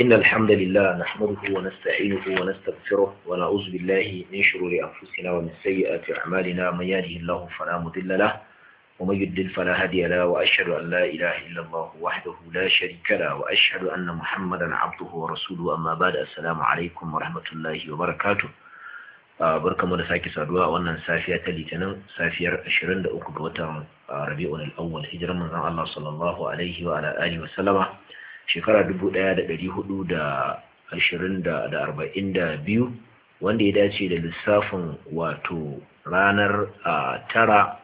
إن الحمد لله نحمده ونستعينه ونستغفره ونعوذ بالله من شرور أنفسنا ومن سيئات أعمالنا من يهده الله فلا مضل له ومن يضلل فلا هادي له وأشهد أن لا إله إلا الله وحده لا شريك له وأشهد أن محمدا عبده ورسوله أما بعد السلام عليكم ورحمة الله وبركاته barkamu da sake saduwa a wannan safiya ta litinin safiyar 23 ga watan rabi'ul awwal hijirar manzon Allah sallallahu alaihi wa ala alihi wa sallama shekara da 1442 wanda ya dace da lissafin wato ranar tara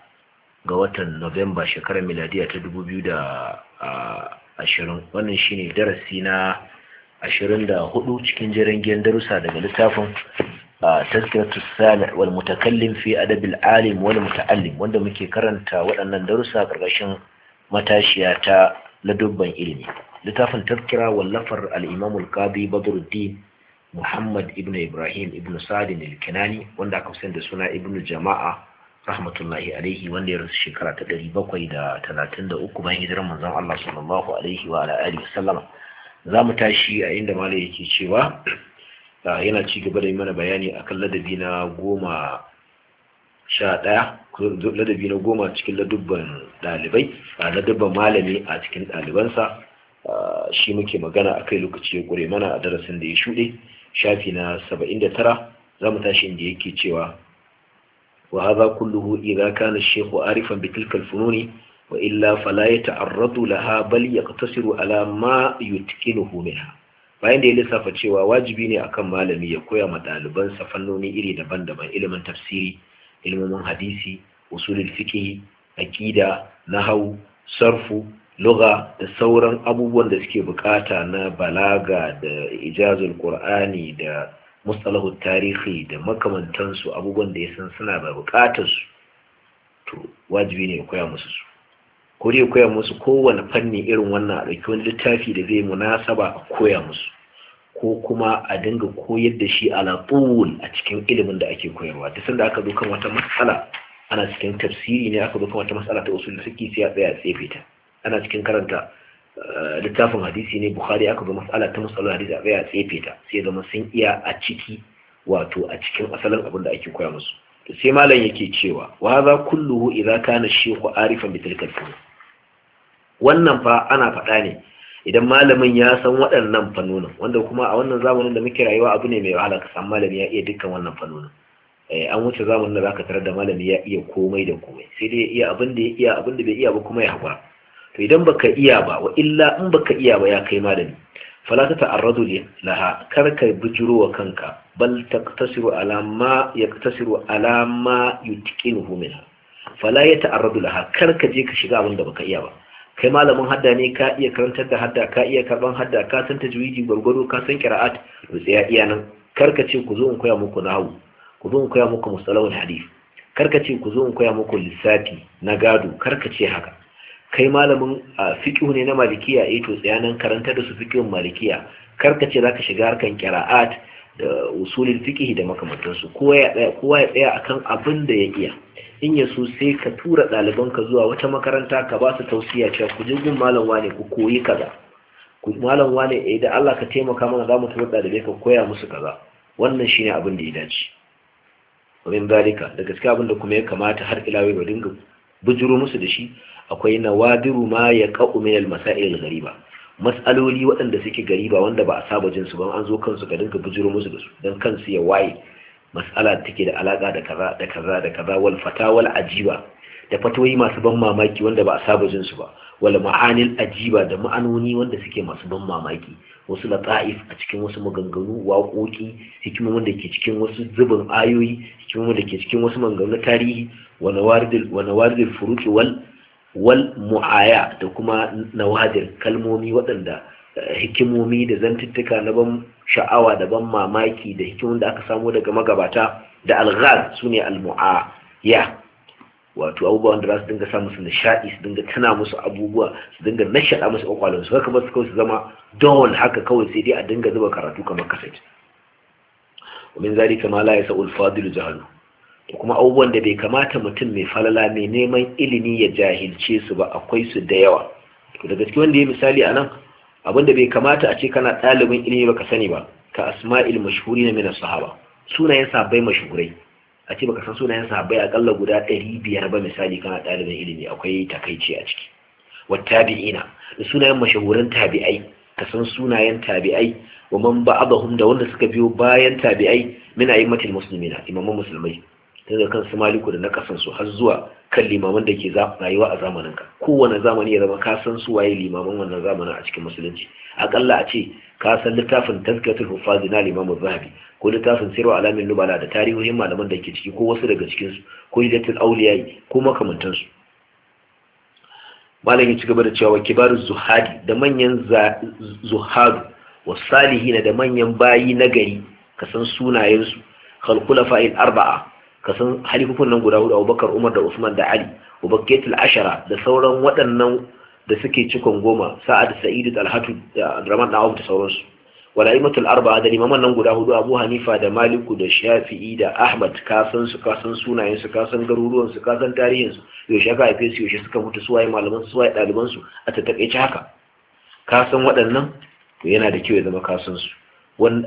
ga watan novemba shekarar miladiya ta 2020 wannan shine darasi na 24 cikin jirgin darussa daga littafin tazkiratu salih wal mutakallim fi adabil alim wal muta'allim wanda muke karanta waɗannan darussa ƙarƙashin matashiya ta ladubban ilimi littafin tafkira wallafar al'imamul qadi badruddin muhammad ibn ibrahim ibn Sadi al-kinani wanda aka fi da suna ibn jama'a rahmatullahi alaihi wanda ya rasu shekara ta ɗari bakwai da talatin da uku bayan hijirar manzon allah sallallahu alaihi wa alihi za mu tashi a inda malai yake cewa ah, yana ci gaba da mana bayani akan ladabi na goma sha ladabi na goma cikin ladubban ɗalibai a ladubban malami a cikin ɗalibansa shi muke magana a kai lokaci ya kure mana a darasin da ya shuɗe shafi na saba'in da tara za mu tashi inda yake cewa wa haza kulluhu idza kana shehu arifan bi tilkal fununi wa illa fala yata'arradu laha bal yaqtasiru ala ma yutqinuhu minha bayan da ya lissafa cewa wajibi ne akan malami ya koya ma ɗalibansa fannoni iri daban-daban ilimin tafsiri ilmomin hadisi usulul fiqh aqida nahwu sarfu lugha da sauran abubuwan da suke bukata na balaga da ijazul qur'ani da mustalahu tarihi da makamantansu abubuwan da ya san suna da bukatar su to wajibi ne ya koya musu su ko dai koya musu kowane fanni irin wannan a ɗauki wani littafi da zai munasaba a koya musu ko kuma a dinga koyar da shi ala tsohon a cikin ilimin da ake koyarwa duk sanda aka zo kan wata matsala ana cikin tafsiri ne aka zo kan wata matsala ta usul suke sai a tsaya tsefe ta ana cikin karanta eh, littafin hadisi ne bukhari aka zo matsala ta matsalar hadisi a tsaya tsefe ta sai zama sun iya a ciki wato a cikin asalin abin da ake koya musu to sai malam yake cewa wa za kulluhu idza kana shehu arifan bi tilkal wannan fa ana faɗa ne idan malamin ya san waɗannan fannonin wanda kuma a wannan zamanin da muke rayuwa abu ne mai wahala ka san malami ya iya dukkan wannan fannonin eh, an wuce zamanin da zaka tarar da malami ya iya komai da komai sai dai ya iya abin da ya iya abin da bai iya ba kuma ya hakura to idan baka iya ba wa illa in baka iya ba ya kai malami fala ta ta'arradu laha kar ka bujuro wa kanka bal taqtasiru ala ma yaqtasiru ala ma yutqinuhu minha fala ya ta'arradu laha kar ka je ka shiga abin da baka iya ba kai malamin hadda ne ka iya karantar da hadda ka iya karban hadda ka san tajwidi gwargwado ka san qira'at to sai ya iya nan karka ce ku zo in koya muku nahwu ku zo in koya muku mustalahul hadith karka ce ku zo in koya muku lissafi na gado karka ce haka kai malamin fiqh ne na malikiya eh to tsaya nan karanta da su fiqhin malikiya karka ce zaka shiga harkan qira'at da usulul fiqh da makamantansu kowa ya tsaya kowa ya tsaya akan abin da ya iya in ya so sai ka tura ɗalibanka zuwa wata makaranta ka ba su tausiya cewa ku je gun malam wane ku koyi kaza ku malam wane eh da Allah ka taimaka mana za mu tura ɗalibai ka koya musu kaza wannan shine abin da ya dace min zalika da gaskiya abin da kuma ya kamata har ila yau dinga bujuro musu da shi akwai nawadiru ma ya qa'u min al-masail al-ghariba mas'aloli waɗanda suke gariba wanda ba a saba jin su ba an zo kansu ka dinga bujuro musu da su dan kansu ya waye mas'ala take da alaka da kaza da kaza da kaza wal fatawal ajiba da fatoyi masu ban mamaki wanda ba a saba jin su ba wal ma'anil ajiba da ma'anoni wanda suke masu ban mamaki wasu lata'if a cikin wasu maganganu waƙoƙi hikimomin da ke cikin wasu zubin ayoyi hikimomin da ke cikin wasu maganganu tarihi wa nawadil furuki wal wal mu'aya da kuma nawadir kalmomi waɗanda eh, hikimomi da zantuttuka na ban sha'awa da ban mamaki da hikimun da aka samu daga magabata da alghaz su ne almu'aya wato abubuwan da za su dinga sa musu nishaɗi su dinga tana musu abubuwa su dinga nashaɗa musu ƙwaƙwalon su haka su kawai su zama don haka kawai sai dai a dinga zuba karatu kamar kaset ومن ذلك ما لا يسع الفاضل جهله kuma abubuwan da bai kamata mutum mai falala mai neman ilimi ya jahilce su ba akwai su da yawa to daga cikin wanda ya misali a nan abinda bai kamata a ce kana ɗalibin ilimi baka sani ba ka asma'il mashhuri na minas sahaba sunayen sahabbai mashhurai a ce baka san sunayen sahabbai akalla guda ɗari biyar ba misali kana ɗalibin ilimi akwai takaici a ciki wa tabi'ina da sunayen mashahuran tabi'ai ka san sunayen tabi'ai wa man ba'adahum da wanda suka biyo bayan tabi'ai min a'immatil muslimina imaman musulmai daga kan su maliku da na kasansu har zuwa kan limaman da ke rayuwa a zamanin ka kowane zamani ya zama ka san su waye limaman wannan zamanin a cikin musulunci akalla a ce ka san littafin tazkiyatul hufazi na limamu zahabi ko littafin sirwa alamin lubala da tarihohin malaman da ke ciki ko wasu daga cikin su ko hidatul auliyayi ko makamantan su malam ya ci gaba da cewa kibaru zuhadi da manyan zuhadu salihina da manyan bayi na nagari ka san sunayen su khalqul fa'il arba'a ka san nan guda hudu abubakar umar da usman da ali ubakketul ashara da sauran waɗannan da suke cikon goma sa'ad sa'id talhatu da abdurrahman da da sauransu wala imatul arba'a da limaman nan guda hudu abu hanifa da maliku da shafi'i da ahmad ka san su ka san sunayen su ka san garuruwan su ka tarihin su yaushe aka haife su yaushe suka mutu suwaye malaman su suwaye ɗaliban su a ta haka ka waɗannan to yana da kyau ya zama ka san su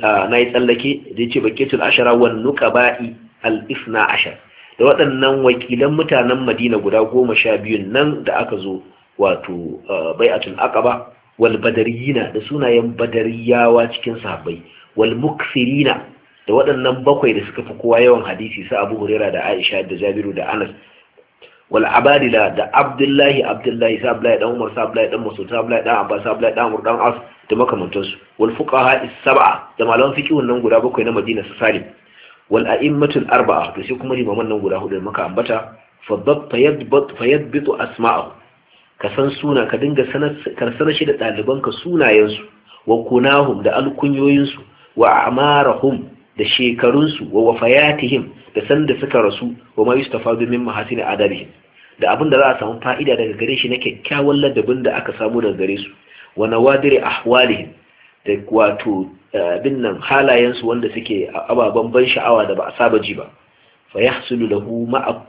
ah, na yi tsallake da ya ce baketul ashara wan bai al-ifna ashar da waɗannan wakilan mutanen madina guda goma sha biyun nan da aka zo wato uh, bai'atul aqaba wal badariyina da sunayen badariyawa cikin sahabbai wal mukfirina da waɗannan bakwai da suka fi kowa yawan hadisi sa abu huraira da aisha da jabiru da anas wal abadila da abdullahi abdullahi sa abdullahi dan umar sa abdullahi dan masud sa abdullahi dan abbas sa abdullahi dan amr dan as da makamantansu wal fuqaha is sab'a da malaman fiqhun nan guda bakwai na madina su salim wal a'immatul arba'a to sai kuma limaman nan guda hudu da muka ambata fa asma'a yadbat fa ka san suna ka dinga sanar shi da ɗalibanka sunayensu wa kunahum da alkunyoyinsu wa amarahum da shekarunsu wa wafayatihim da san da suka rasu wa ma yustafadu min mahasin adabihim da abin da za a samu fa'ida daga gare shi na kyakkyawan ladabin da aka samu daga gare su wa nawadiri ahwalihim da wato bin nan halayensu wanda suke ababen ban sha'awa da ba a saba ji ba fa yahsulu lahu ma'a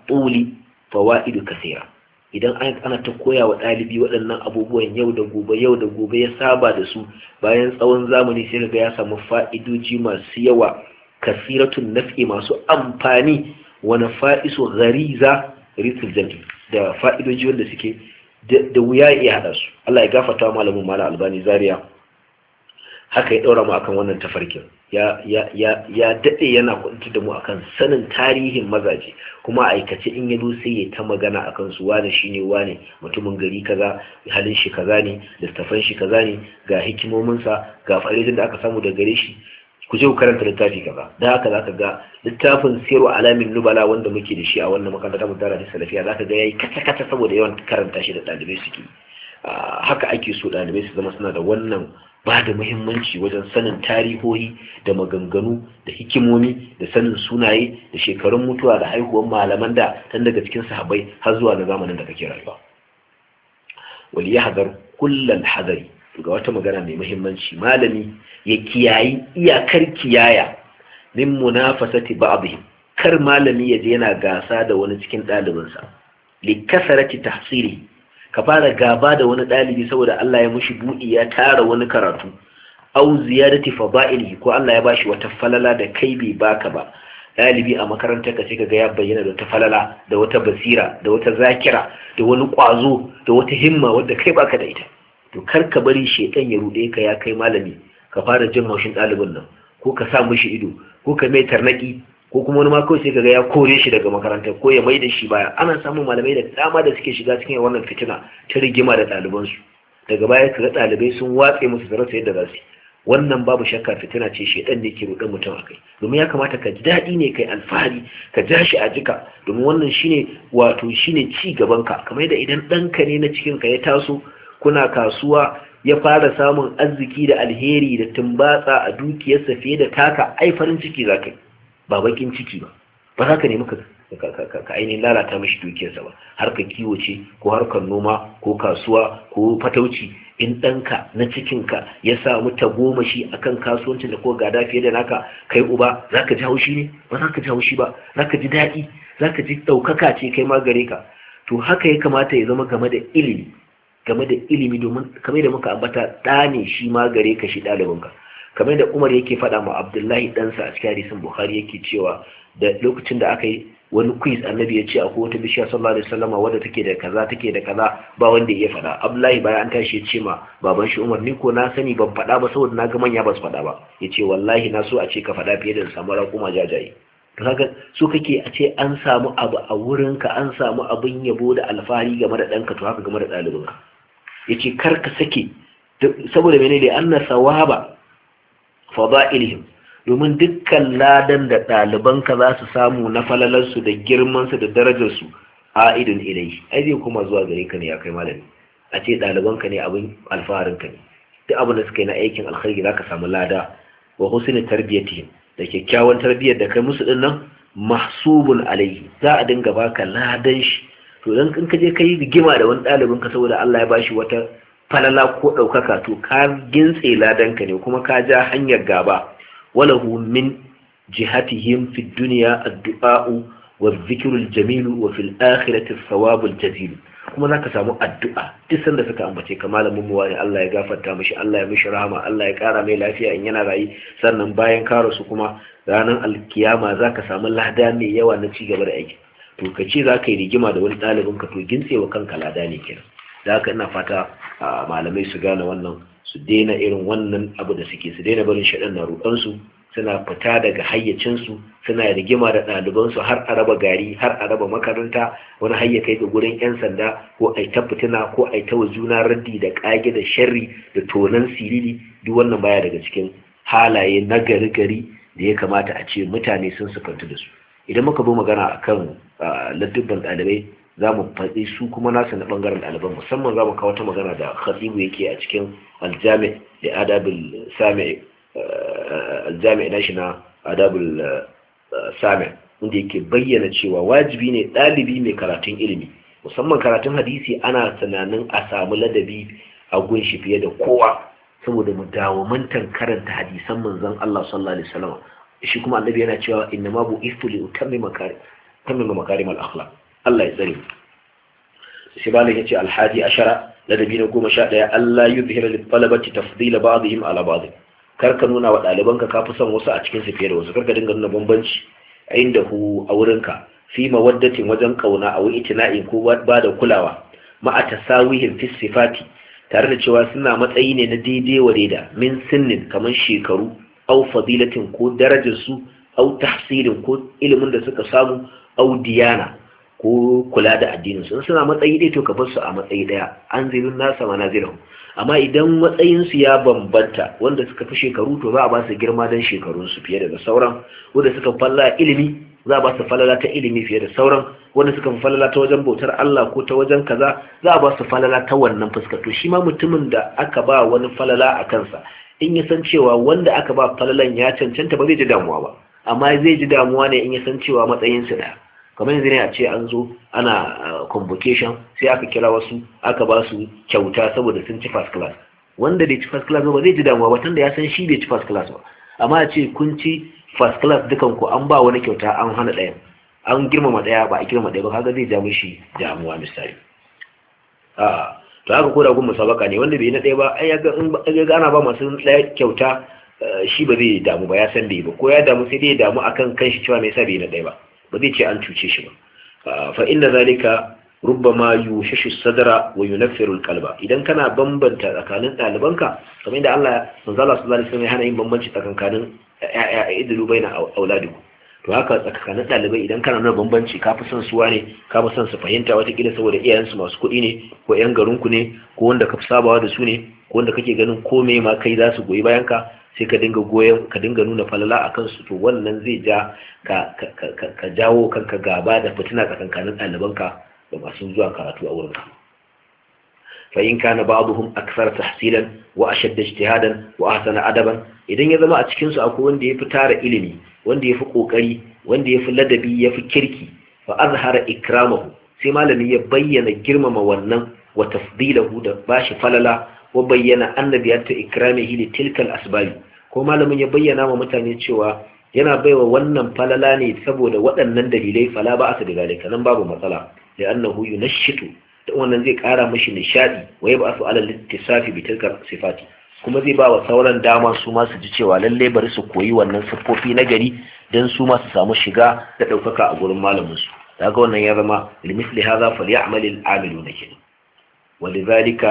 fawaidu kaseera idan ana ta koya wa ɗalibi waɗannan abubuwan yau da gobe yau da gobe ya saba da su bayan tsawon zamani sai ga ya samu fa'idoji masu yawa kasiratun naf'i masu amfani wani fa'iso ghariza ritul jami da fa'idoji wanda suke da wuya ya haɗa su Allah ya gafarta malamin malam albani zaria haka ya ɗora mu akan wannan tafarkin ya daɗe yana kwanci da mu akan sanin tarihin mazaje kuma aikace in ya sai ya ta magana akan su wane shi ne wane mutumin gari kaza halin shi kaza ne littafan shi kaza ne ga hikimominsa ga faridin da aka samu da gare shi ku je ku karanta littafi kaza da haka za ka ga littafin sirwa alamin nubala wanda muke da shi a wannan makarantar mu tara da salafiya za ka ga yayi kata kata saboda yawan karanta shi da ɗalibai suke ah, haka ake so ɗalibai su zama suna da wannan ba da muhimmanci wajen sanin tarihohi da maganganu da hikimomi da sanin sunaye da shekarun mutuwa da haihuwar malaman da tun daga cikin sahabbai har zuwa na zamanin da kake rayuwa wal yahdhar kullal hadari ga wata magana mai muhimmanci malami ya kiyayi iyakar kiyaya min munafasati ba'dihim kar malami ya je yana gasa da wani cikin ɗalibinsa li kasarati tahsili ka fara gaba da wani ɗalibi saboda Allah ya mushi buɗi ya tara wani karatu au ziyadati fada'ilihi ko Allah ya bashi wata falala da kai bai baka ba ɗalibi a makarantar ka ce ka ya bayyana da wata falala da wata basira da wata zakira da wani ƙwazo da wata himma wadda kai baka da ita to kar ka bari shedan ya ruɗe ka ya kai malami ka fara jin haushin ɗalibin nan ko ka sa mishi ido ko ka mai tarnaki ko kuma wani ma kawai sai kaga ya kore shi daga makaranta ko ya maida shi baya ana samun malamai da dama da suke shiga cikin wannan fitina ta rigima da ɗalibansu daga baya kaga ɗalibai sun watse musu da rasa yadda za wannan babu shakka fitina ce shedan ne ke rudan mutum akai domin ya kamata ka ji daɗi ne kai alfahari ka ja shi a jika domin wannan shine wato shine ci gaban ka kamar da idan ɗanka ne na cikin ka ya taso kuna kasuwa ya fara samun arziki da alheri da tumbatsa a dukiyarsa fiye da taka ai farin ciki za ka ba bakin ciki ba ba za ka nemi ka ainihin lalata mashi dukiyarsa ba harkar kiwo ce ko harkar noma ko kasuwa ko fatauci in ɗanka na cikinka ya samu tagomashi kan kasuwancin da ko gada fiye da naka kai uba za ka ji haushi ne ba za ka ji haushi ba za ka ji daɗi za ka ji ɗaukaka ce kai ma gare ka to haka ya kamata ya zama game da ilimi game da ilimi domin kamar da muka ambata ɗa ne shi ma gare ka shi ɗalibinka kamar da Umar yake faɗa ma Abdullahi ɗansa a cikin hadisin Bukhari yake cewa da lokacin da aka yi wani quiz annabi ya ce akwai wata bishiya sallallahu alaihi wasallama wadda take da kaza take da kaza ba wanda ya faɗa Abdullahi baya an tashi ya ce ma baban shi Umar ni ko na sani ban faɗa ba saboda na ga manya ba su faɗa ba ya ce wallahi na so a ce ka faɗa fiye da samu raƙuma jajaye to kaga so kake a ce an samu abu a ka an samu abun yabo da alfahari game da ɗanka to haka game da ɗalibinka ya ce kar ka sake saboda menene anna sawaba fada'ilihim domin dukkan ladan da ɗalibanka za su samu na falalarsu da girmansu da darajarsu a idin ilai ai zai kuma zuwa gare ka ne ya kai malami a ce ɗalibanka ne abin alfaharinka ne duk abin da suka yi na aikin alkhairi za ka samu lada wa husni tarbiyatihim da kyakkyawan tarbiyyar da kai musu dinnan mahsubun alaihi za a dinga baka ladan shi to ka kin kaje kai rigima da wani ɗalibin ka saboda Allah ya bashi wata falala ko ɗaukaka to ka gintse ladanka ne kuma ka ja hanyar gaba walahu min jihatihim fi duniya addu'a'u wa zikirul jamilu wa fil akhirati thawabul jazil kuma zaka samu addu'a duk sanda suka ambace ka malamin mu wani Allah ya gafarta mishi Allah ya mishi rahama Allah ya kara mai lafiya in yana rayi sannan bayan ka rasu kuma ranar alkiyama zaka samu lada mai yawa na ci gaba da aiki to ka ce zaka yi rigima da wani ɗalibin ka to gintsewa kanka lada ne kenan da haka ina fata malamai su gane wannan su daina irin wannan abu da suke su daina barin shaɗan na ruɗansu suna fita daga hayyacinsu suna rigima da ɗalibansu har a raba gari har a raba makaranta wani hayya kai ga gurin 'yan sanda ko a ta fitina ko a ta juna raddi da ƙage da sharri da tonan siriri duk wannan baya daga cikin halaye na gari gari da ya kamata a ce mutane sun sufanta da su idan muka bi magana akan ladubban ɗalibai za mu faɗi su kuma nasu na ɓangaren ɗaliban musamman za mu kawo ta magana da khatibu yake a cikin aljami da adabul sami eh, aljami na adabul eh, sami inda yake bayyana cewa wajibi ne ɗalibi mai karatun ilimi musamman karatun hadisi ana tunanin a samu ladabi a gunshi fiye da kowa saboda mu mantan karanta hadisan manzon Allah sallallahu alaihi wasallam shi kuma annabi yana cewa innama bu istu li utammima makarim al akhlaq Allah ya tsare shi malam yace alhaji ashara ladabi na goma sha ɗaya Allah yuzhira lil talabati tafdila ba'dihim ala ba'd kar ka nuna wa ɗalibanka ka fi son wasu a cikin su fiye da wasu kar ka dinga nuna bambanci inda hu a wurinka fi mawaddatin wajen kauna a wani itina'i ko ba da kulawa ma'a tasawihin fi sifati tare da cewa suna matsayi ne na daidai wa daida min sinnin kamar shekaru au fadilatin ko darajar su au tafsirin ko ilimin da suka samu au diyana ko kula da addinin su suna matsayi ɗaya to ka bar su a matsayi ɗaya an zai nasa manazirahum amma idan matsayinsu ya bambanta wanda suka fi shekaru to za a ba su girma don shekarunsu fiye da sauran wanda suka falla ilimi za a ba su falala ta ilimi fiye da sauran wanda suka falala ta wajen bautar Allah ko ta wajen kaza za a ba su falala ta wannan fuska to shi ma mutumin da aka ba wani falala a kansa in ya san cewa wanda aka ba falalan ya cancanta ba zai ji damuwa ba amma zai ji damuwa ne in ya san cewa matsayin matsayinsu da. kamar yanzu ne a ce an zo ana uh, convocation sai aka kira wasu aka ba su kyauta saboda sun ci first class wanda bai ci first class ba zai ji damuwa ba tunda ya san shi bai ci first class ba amma a ce kun ci first class dukan ku an ba wani kyauta an hana ɗayan an girmama ɗaya ba a girmama ɗaya ba kaga zai ja shi damuwa misali a to haka koda gun musabaka ne wanda bai na ɗaya ba ai ya ga ana ba masu ɗaya kyauta uh, shi ba zai damu ba ya san bai ba ko ya damu sai dai ya damu akan kanshi cewa me yasa bai na ɗaya ba ba zai ce an cuce shi ba fa inna zalika rubbama yushishu sadra wa yunaffiru alqalba idan kana bambanta tsakanin dalibanka kamar inda Allah manzo sallallahu alaihi wasallam ya hana yin bambanci tsakanin ya'ya idlu baina auladiku to haka tsakanin dalibai idan kana nuna bambanci ka fi son su wane, ka fi son su fahimta wata kila saboda iyayensu masu kuɗi ne ko yan garinku ne ko wanda ka fi sabawa da su ne ko wanda kake ganin komai ma kai za su goyi bayan ka sai ka dinga goyon ka dinga nuna falala a kansu to wannan zai ja ka jawo kanka gaba da fitina tsakankanin ɗalibanka da masu zuwa karatu a wurinka in kana ba'dhum akthar tahsilan wa ashadd ijtihadan wa ahsana adaban idan ya zama a cikin su akwai wanda yafi tara ilimi wanda yafi kokari wanda yafi ladabi yafi kirki fa azhara ikramahu sai malami ya bayyana girmama wannan wa tafdilahu da bashi falala wa bayyana ta ikramihi li tilkal asbabi ko malamin ya bayyana wa mutane cewa yana baiwa wannan falala ne saboda waɗannan dalilai fala ba asa da dalika nan babu matsala da annahu yunashitu da wannan zai ƙara mishi nishadi wa ya ba su alal littisafi bi tilkal sifati kuma zai ba wa sauran dama su ma su ji cewa lalle bari su koyi wannan siffofi na gari dan su ma su samu shiga da ɗaukaka a gurin malamin su daga wannan ya zama limisli hadha falyamal al amiluna kin ولذلك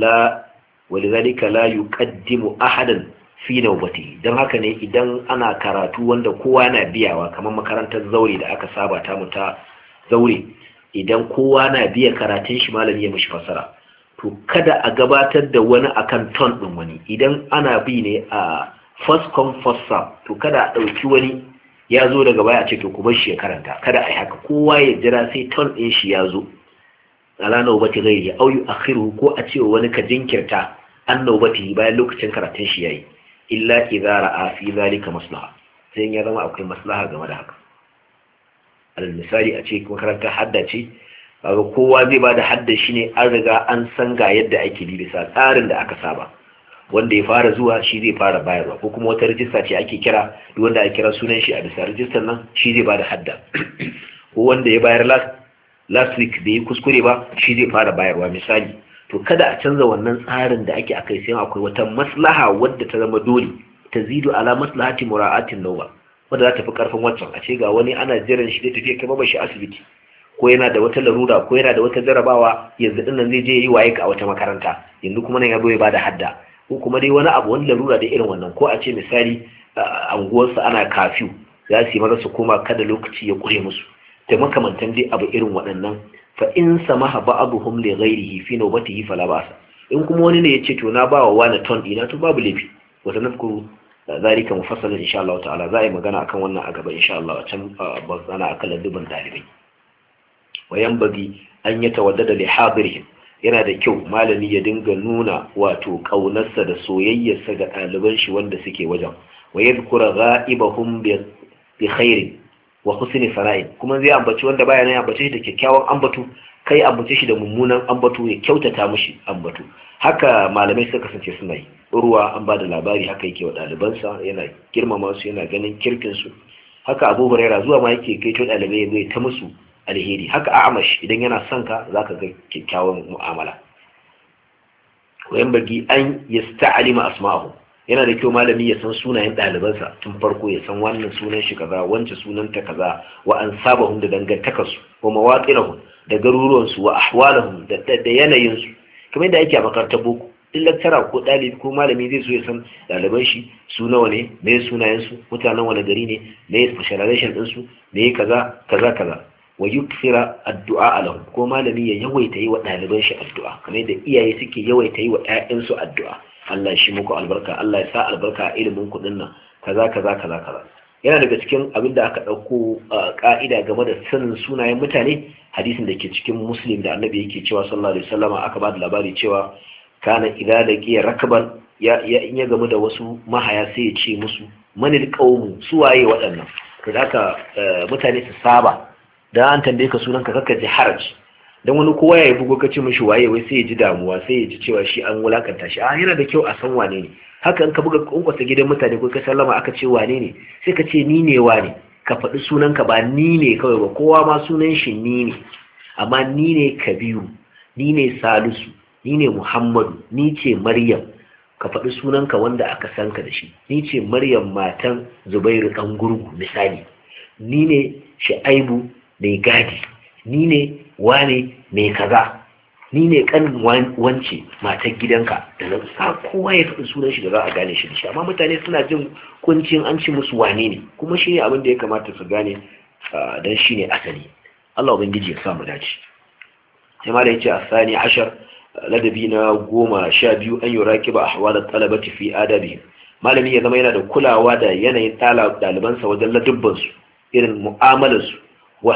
لا walidhalika la yuqaddimu ahadan fi nawbatihi dan haka ne idan ana karatu wanda kowa yana biyawa kamar makarantar zaure da aka saba ta mu ta zaure idan kowa na biya karatun shi malami ya mishi fasara to kada a gabatar da wani akan ton din wani idan ana bi ne a first come first serve to kada a dauki wani ya zo daga baya a ce to ku bar shi ya karanta kada a yi haka kowa ya jira sai ton din shi ya zo ala nawbati ghairi au yu'akhiru ko a ce wani ka jinkirta annoba ta yi bayan lokacin karatun shi ya yi. illa za ra'a fi zalika maslaha sai ya zama akwai maslaha game da haka alal misali a ce makarantar hadda ce ba kowa zai ba da hadda shi ne an riga an san ga yadda ake bi bisa tsarin da aka saba wanda ya fara zuwa shi zai fara bayarwa ko kuma wata rijista ce ake kira duk wanda ake kira sunan shi a bisa rijistar nan shi zai bada hadda ko wanda ya bayar last last week bai yi kuskure ba shi zai fara bayarwa misali to kada a canza wannan tsarin da ake akai sai akwai wata maslaha wadda ta zama dole ta zidu ala maslahati mura'atin nawa wadda za ta fi karfin waccan a ce ga wani ana jiran shi da tafiya kai ba asibiti ko yana da wata larura ko yana da wata jarabawa yanzu din nan zai je yi waye ka a wata makaranta yanzu kuma nan ya zo ya bada hadda ko kuma dai wani abu wani larura da irin wannan ko a ce misali anguwarsa ana kafiyu za su yi maza su koma kada lokaci ya kure musu da makamantan dai abu irin waɗannan fa in samaha ba'dhum li ghayrihi fi nawbatihi fala ba'sa in kuma wani ne ce to na bawa wani ton dina to babu lafi wa sanadkuru uh, zalika mufassalan insha Allah ta'ala za a yi magana akan wannan a gaba insha Allah can uh, bazana akan ladubin dalibai wayan bagi an yi tawaddada li hadirihim yana da kyau malami ya dinga nuna wato kaunarsa da soyayyarsa ga ɗaliban shi wanda suke wajen wa yadhkura ghaibahum bi khairin wa husni kuma zai ambaci wanda baya nan ya ambace shi da kyakkyawan ambatu kai ambace shi da mummunan ambatu ya kyautata mushi ambatu haka malamai suka kasance suna yi ruwa an bada labari haka yake wa ɗalibansa yana girmama su yana ganin kirkin su haka abu huraira zuwa ma yake kai to ɗalibai zai ta musu alheri haka a'amash idan yana son ka zaka ga kyakkyawan mu'amala wayan bagi an yasta'alima asma'ahu yana da kyau malami ya san sunayen ɗalibansa tun farko ya san wannan sunan shi kaza wance sunan ta kaza wa an saba hun da dangantakarsu wa mawaƙirahun da garuruwansu wa ahwalahun da yanayinsu kamar yadda ake a makarantar boko duk laktara ko ɗalibi ko malami zai so ya san ɗaliban shi su nawa ne me su? mutanen wani gari ne me specialization ɗinsu me kaza kaza kaza wa yukfira addu'a lahum ko malami ya yawaita yi wa ɗaliban shi addu'a kamar yadda iyaye suke yawaita yi wa 'ya'yansu addu'a Allah shi muku albarka Allah ya sa albarka a ilimin kuɗin nan kaza kaza kaza kaza yana daga cikin abin da aka ɗauko ƙa'ida game da sanin sunayen mutane hadisin da ke cikin muslim da annabi yake cewa sallallahu alaihi wasallama aka ba da labari cewa kana idza laqiya rakban ya in ya game da wasu mahaya sai ya ce musu manil su waye waɗannan to haka eh, mutane su saba da an tambaye ka sunan ka kakkaje haraji Don wani kowa ya yi bugo ka ce mashi waye wai sai ya ji damuwa sai ya ji cewa shi an wulakanta shi a ah, yana da kyau a san wane ne haka in ka buga kunkwasa gidan mutane ko ka sallama aka ce wane ne sai ka ce ni ne wane ka faɗi sunanka ba ni ne kawai ba kowa ma sunan shi ni ne amma ni ne kabiru ni ne salisu ni ne muhammadu ni ce maryam ka faɗi sunanka wanda aka san ka da shi ni ce maryam matan zubairu ɗan gurgu misali ni ne sha'aibu mai gadi ni ne wane mai kaza ni ne kan wance matar gidanka da nan sa kowa ya faɗi sunan shi da za a gane shi da shi amma mutane suna jin kuncin an ci musu wane ne kuma shi ne abin da ya kamata su gane don shi ne asali Allah ubangiji ya samu dace sai ma da yace asani ashar ladabi na goma sha biyu an yi rakiba ahwal talabati fi adabi malami ya zama yana da kulawa da yanayin ɗalibansa wajen ladubbansu irin mu'amalarsu wa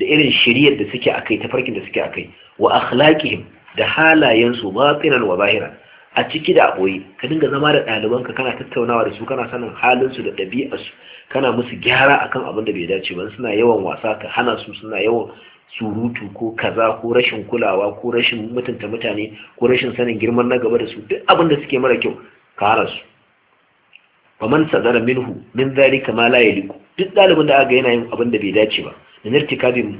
da irin shiriyar da suke akai farkin da suke akai wa akhlaqihim da halayensu batinan wa bahira. a ciki da aboyi ka dinga zama da ɗalibanka kana tattaunawa da su kana sanin halin su da ɗabi'arsu kana musu gyara akan abin da bai dace ba suna yawan wasa ka hana su suna yawan surutu ko kaza ko rashin kulawa ko rashin mutunta mutane ko rashin sanin girman na gaba da su duk abin da suke mara kyau ka hana su wa man sadara minhu min zalika ma la yaliku duk ɗalibin da aka ga yana yin abin da bai dace ba min irtikabi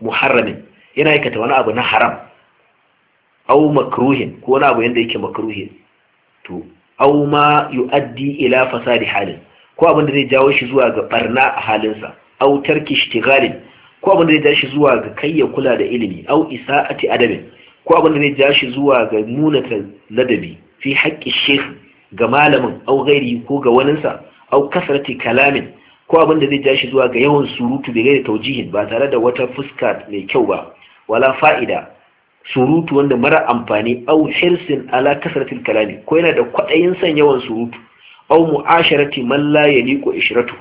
muharramin yana aikata wani abu na haram au makruhin ko wani abu yanda yake makruhin to au ma yu'addi ila fasadi halin ko abin da zai jawo shi zuwa ga barna a halinsa au tarki ishtighalin ko abin da zai jawo shi zuwa ga kayya kula da ilimi au isa'ati adabin ko abin da zai jawo shi zuwa ga munata ladabi fi haƙƙi shekh ga malamin au gairi ko ga waninsa au kasarati kalamin ko abin da zai ja shi zuwa ga yawan surutu bai gaida taujihin ba tare da wata fuska mai kyau ba wala fa'ida surutu wanda mara amfani au hirsin ala kasratil kalami ko yana da kwadayin san yawan surutu au mu'asharati man la yaliqu ishratu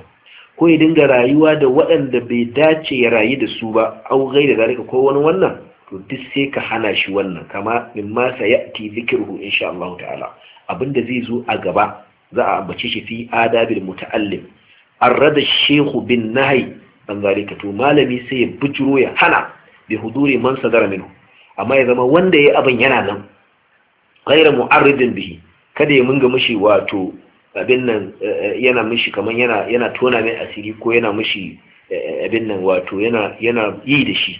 ko ya dinga rayuwa da waɗanda bai dace ya rayu da su ba au gaida zalika ko wani wannan to duk sai ka hana shi wannan kama sa yati zikruhu insha Allah ta'ala abinda zai zo a gaba za a ambace shi fi adabil muta'allim arrada shehu bin nahai an zalika to malami sai ya bujiro ya hana bi huduri man sadara minhu amma ya zama wanda yayi abin yana nan ghayra mu'arridin bihi kada ya munga mishi wato abin nan eh, eh, yana mishi kaman yana yana tona mai asiri ko yana mishi eh, abin nan wato yana yana yi da shi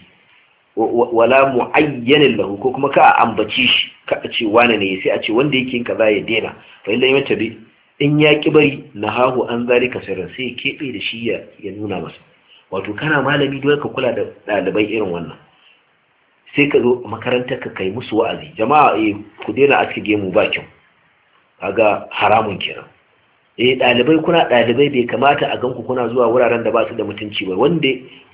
wala mu'ayyanin lahu ko kuma ka ambaci shi ka ce wane ne sai a ce wanda yake yin kaza ya daina fa illa bi. in ya ki bari na hahu an zari ka sirrin sai keɓe da shi ya nuna masa wato kana malami dole ka kula da ɗalibai irin wannan sai ka zo makarantar ka kai musu wa'azi jama'a a eh, ku daina aske gemu ba kyau kaga haramun kenan eh ɗalibai kuna ɗalibai bai kamata a ganku kuna zuwa wuraren da ba su da mutunci ba wanda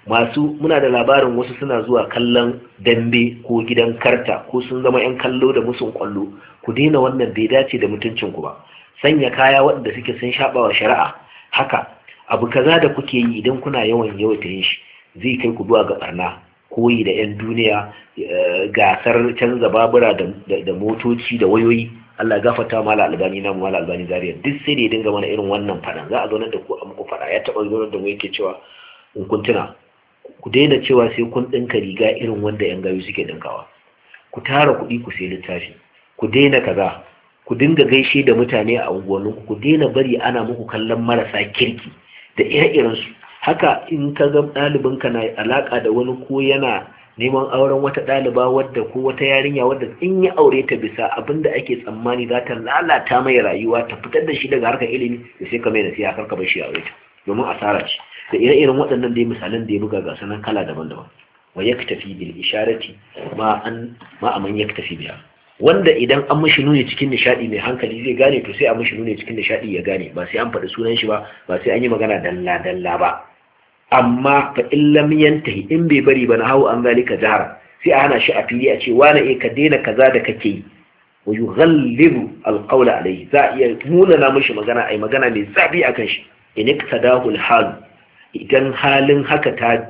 masu muna da labarin wasu suna zuwa kallon dambe ko gidan karta ko sun zama yan kallo da musun kwallo ku daina wannan bai dace da mutuncinku ba sanya kaya waɗanda suke sun shaɓa wa shari'a haka abu kaza da kuke yi idan kuna yawan ta yin shi zai kai ku zuwa ga barna koyi da 'yan duniya eh, gasar canza babura da motoci da wayoyi Allah ya gafata mala albani na mala albani zariya duk sai da ya dinga mana irin wannan fadan za a nan da ku a muku fada ya taɓa zo da mu yake cewa in kun ku daina cewa sai kun dinka riga irin wanda 'yan gayu suke ɗinkawa ku tara kuɗi ku sai littafi ku daina kaza ku dinga gaishe da mutane a unguwanninku ku daina bari ana muku kallon marasa kirki da ire su haka in ka ga ka na alaka da wani ko yana neman auren wata ɗaliba wadda ko wata yarinya wadda in ya aure ta bisa abinda ake tsammani za ta lalata mai rayuwa ta fitar da shi daga harkar ilimi da sai ka mai siya karka bar shi aure ta domin asara ce da ire-iren waɗannan dai misalan da ya buga ga sanan kala daban-daban wa yaktafi bil isharati ma an ma man yaktafi biha wanda idan an mashi nuni cikin nishadi mai hankali zai gane to sai an mashi nuni cikin nishadi ya gane ba sai an faɗi sunan shi ba ba sai an yi magana dalla dalla ba amma fa in lam yantahi in bai bari ba na hau an zalika jahara sai a hana shi a fili a ce wani e eh, ka daina kaza da kake yi wa yughallibu alqawla alayhi za iya nuna na mishi magana ai magana mai zabi akan shi in iktadahu alhal idan halin haka ta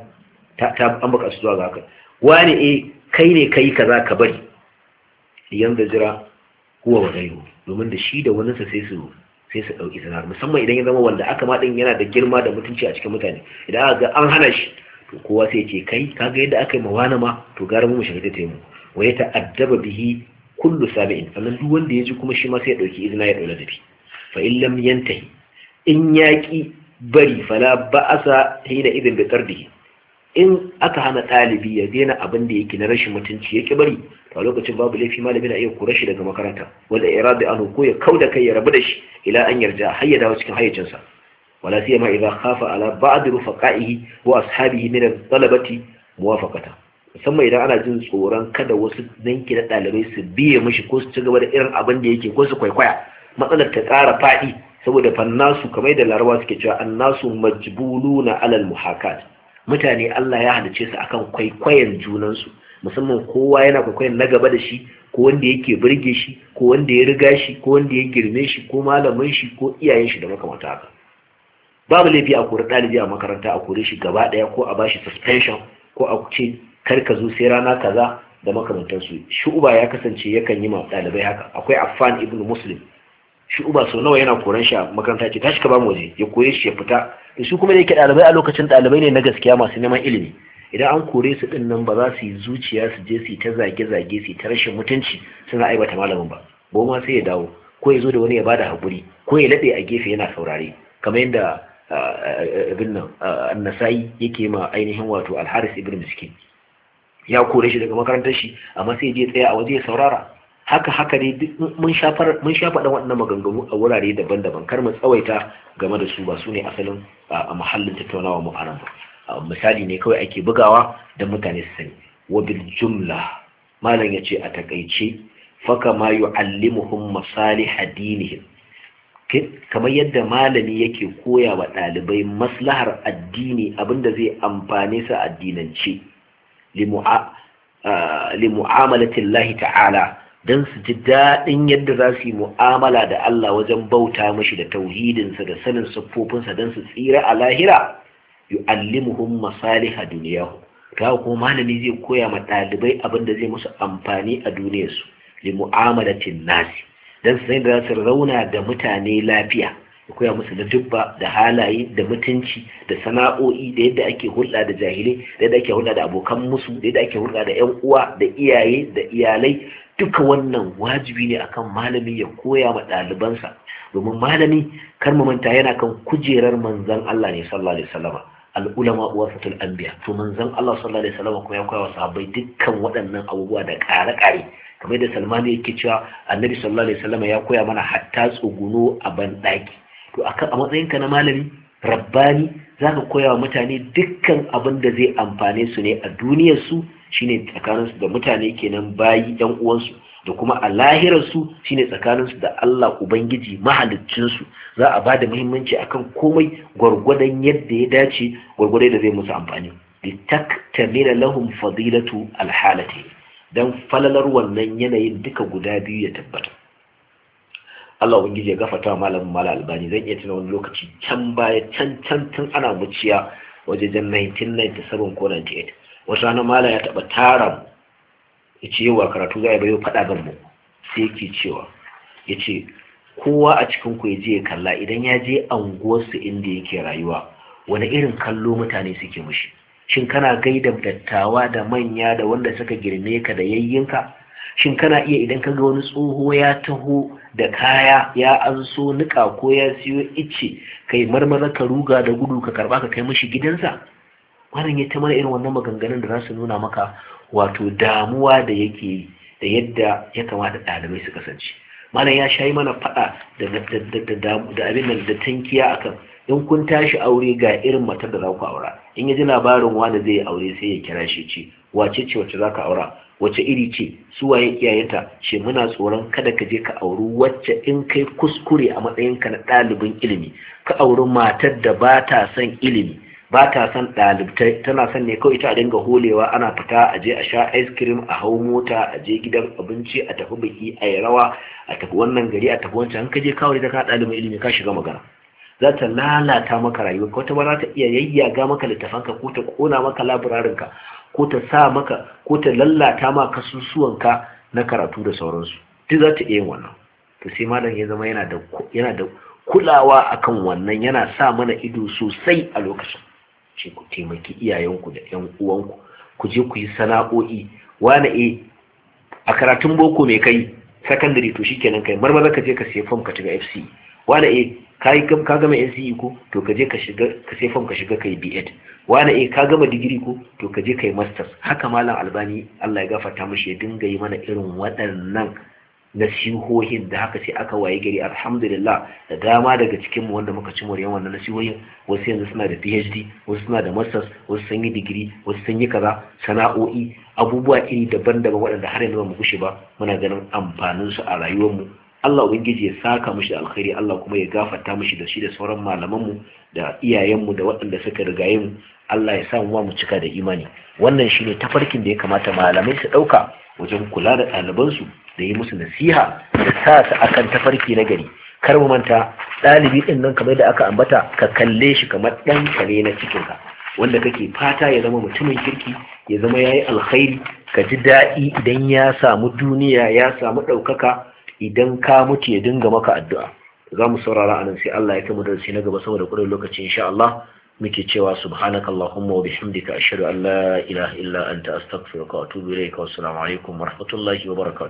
ta, ta ambaka su zuwa ga haka wani e eh, kai ne kai kaza ka bari liyan jira kowa wa gairu domin da shi da wani sai su sai su dauki sanar musamman idan ya zama wanda aka ma din yana da girma da mutunci a cikin mutane idan aka ga an hana shi to kowa sai ce kai ga yadda aka yi mawana ma to gara mu shahada ta taimu wa ya ta'addaba bihi kullu sabi'in sannan duk wanda ya ji kuma shi ma sai ya dauki izina ya daula bi. fa in lam yantahi in yaki bari fala ba'asa hina idan bi tardihi in aka hana talibi ya daina abin da yake na rashin mutunci yake bari to a lokacin babu laifi malami na iya kura shi daga makaranta wanda ya rabi anhu ko ya kauda kai ya rabu da shi ila an yarda hayya ya dawo cikin hayyacinsa wala ma idza khafa ala ba'd rufaqaihi wa ashabihi min talabati muwafaqata musamman idan ana jin tsoron kada wasu danki na dalibai su biye mishi ko su ci gaba da irin abin da yake ko su kwaikwaya matsalar ta ƙara faɗi saboda fannasu kamar da larabawa suke cewa annasu majbuluna alal muhakat mutane Allah ya halice su akan kwaikwayon junansu musamman kowa yana kwaikwayon na gaba da shi ko wanda yake burge shi ko wanda ya riga shi ko wanda ya girme shi ko malamin shi ko iyayen shi da makamata haka babu laifi a kori ɗalibi a makaranta a kore shi gaba ɗaya ko a bashi suspension ko a ce kar ka zo sai rana kaza da makamantansu shu'uba ya kasance yakan yi ma ɗalibai haka akwai affan ibnu muslim shi uba sau nawa yana koran shi a makaranta ce tashi ka ba waje ya koye shi ya fita su kuma da yake dalibai a lokacin dalibai ne na gaskiya masu neman ilimi idan an kore su din nan ba za su yi zuciya su je su ta zage-zage su ta rashin mutunci suna aibata malamin ba ma sai ya dawo ko ya zo da wani ya bada haƙuri ko ya laɗe a gefe yana saurare kamar yadda ibn nan annasai yake ma ainihin wato alharis ibn miskin ya kore shi daga makarantar shi amma sai je tsaya a waje ya saurara haka haka ne mun shafa faɗin waɗannan maganganu a wurare daban-daban kar mu tsawaita game da su ba su ne asalin a muhallin tattaunawa mu a misali ne kawai ake bugawa da mutane su sani wa bil jumla malam yace a takaice faka ma yu'allimuhum masalih dinihim kamar yadda malami yake koya wa ɗalibai maslahar addini abinda zai amfane su addinance li mu'amalatillahi ta'ala don su ji daɗin yadda za su yi mu'amala da Allah wajen bauta mashi da tauhidinsa da sanin siffofinsa don su tsira a lahira yu'allimuhum masaliha duniyahu ta kuma malami zai koya ma ɗalibai abin da zai musu amfani a duniyarsu li mu'amalatin nasi don su san da za su rauna da mutane lafiya ya koya musu na dubba da halaye da mutunci da sana'o'i da yadda ake hulɗa da jahilai da yadda ake hulɗa da abokan musu da yadda ake hulɗa da yan uwa da iyaye da iyalai duka wannan wajibi ne akan malami ya koya ma ɗalibansa domin malami kar mu manta yana kan kujerar manzon Allah ne sallallahu alaihi wasallama wa fatul anbiya to manzon Allah sallallahu alaihi wasallam kuma ya koya wa sahabbai dukkan waɗannan abubuwa da ƙare-ƙare kamar da Salman yake cewa Annabi sallallahu alaihi wasallam ya koya mana hatta tsuguno a banɗaki to akan a matsayinka na malami rabbani zaka koya wa mutane dukkan abin da zai amfane su ne a duniyar su shine tsakaninsu da mutane kenan bayi 'yan uwansu da kuma a lahirarsu shine tsakaninsu da Allah Ubangiji mahaliccinsu za a ba da muhimmanci akan komai gwargwadon yadda ya dace gwargwadon da zai musu amfani Littattaf-Tamina lahum fadilatu alhalati dan falalar wannan yanayin duka guda biyu ya tabbata Allah Ubangiji ya wa malamin mala albani zan iya tuna wani lokaci can baya can can tun ana muciya jan 1997 ko 98 wasu ana mala ya taɓa tara mu ya ce wa karatu za a bayo fada ga mu sai ke cewa ya ce kowa a cikin ku ya je ya kalla idan ya je anguwarsu inda yake rayuwa wani irin kallo mutane suke mushi shin kana gaida dattawa da manya da wanda suka girme ka da yayyinka shin kana iya idan ka ga wani tsoho ya taho da kaya ya anso niƙa ko ya siyo ice kai marmara ka ruga da gudu ka karɓa ka kai mishi gidansa malam ya ta irin wannan maganganun da za su nuna maka wato damuwa da yake da yadda ya kamata ɗalibai su kasance malam ya shayi mana faɗa da abin nan da tankiya akan in kun tashi aure ga irin matar da za ku aura in ya ji labarin wanda zai aure sai ya kira shi ce wace ce wacce za ka aura wace iri ce su waye iyayenta ce muna tsoron kada ka je ka auri wacce in kai kuskure a matsayinka na ɗalibin ilimi ka auri matar da ba ta son ilimi ba ta son ɗalibtai tana son ne kawai a dinga holewa ana fita a je a sha ice cream a hau mota a je gidan abinci a tafi biki a yi rawa a tafi wannan gari a tafi wancan ka je kawai ta ka ɗalibin ilimi ka shiga magana za ta lalata maka rayuwa ko ta ta iya yayyaga maka ka ko ta kona maka laburarin ko ta sa maka ko ta lallata ma kasusuwanka na karatu da sauransu duk za ta iya yin wannan to sai malam ya zama yana da yana da kulawa akan wannan yana sa mana ido sosai a lokacin ce ku taimaki iyayenku da yan uwanku ku je ku yi sana'o'i wane e a karatun boko mai kai sakandare to shikenan kai marmaza ka je ka siya fom ka shiga F.C. E. wane e eh, kai ka gama NCE ko to ka je ka shiga ka fom ka shiga kai B.Ed wane e ka gama digiri ko to ka je kai masters haka malam albani Allah ya gafarta mishi ya dinga yi mana irin waɗannan nasihohin da haka sai aka waye gari alhamdulillah da dama daga cikin mu wanda muka ci riyan wannan nasihohin wasu yanzu suna da PhD wasu suna da masters wasu sun yi digiri wasu sun yi kaza sana'o'i abubuwa iri daban-daban waɗanda har yanzu ba mu ba muna ganin amfanin su a rayuwar mu Allah ubangiji ya saka mishi da alkhairi Allah kuma ya gafarta mishi da shi da sauran malaman mu da iyayen mu da waɗanda suka riga mu Allah ya sa mu mu cika da imani wannan shine tafarkin da ya kamata malamai su ɗauka wajen kula da ɗalibansu da yi musu nasiha da sa su akan tafarki na gari kar mu manta ɗalibi ɗin nan kamar da aka ambata ka kalle shi kamar ɗan kare na cikinka wanda kake fata ya zama mutumin kirki ya zama ya yi alkhairi ka ji daɗi idan ya samu duniya ya samu ɗaukaka idan ka mutu ya dinga maka addu'a za mu saurara anan sai Allah ya kama darasi na gaba saboda kudin lokaci insha Allah muke cewa subhanakallahumma wa bihamdika ashhadu an la ilaha illa anta astaghfiruka wa atubu ilayka wa assalamu alaikum wa rahmatullahi wa barakatuh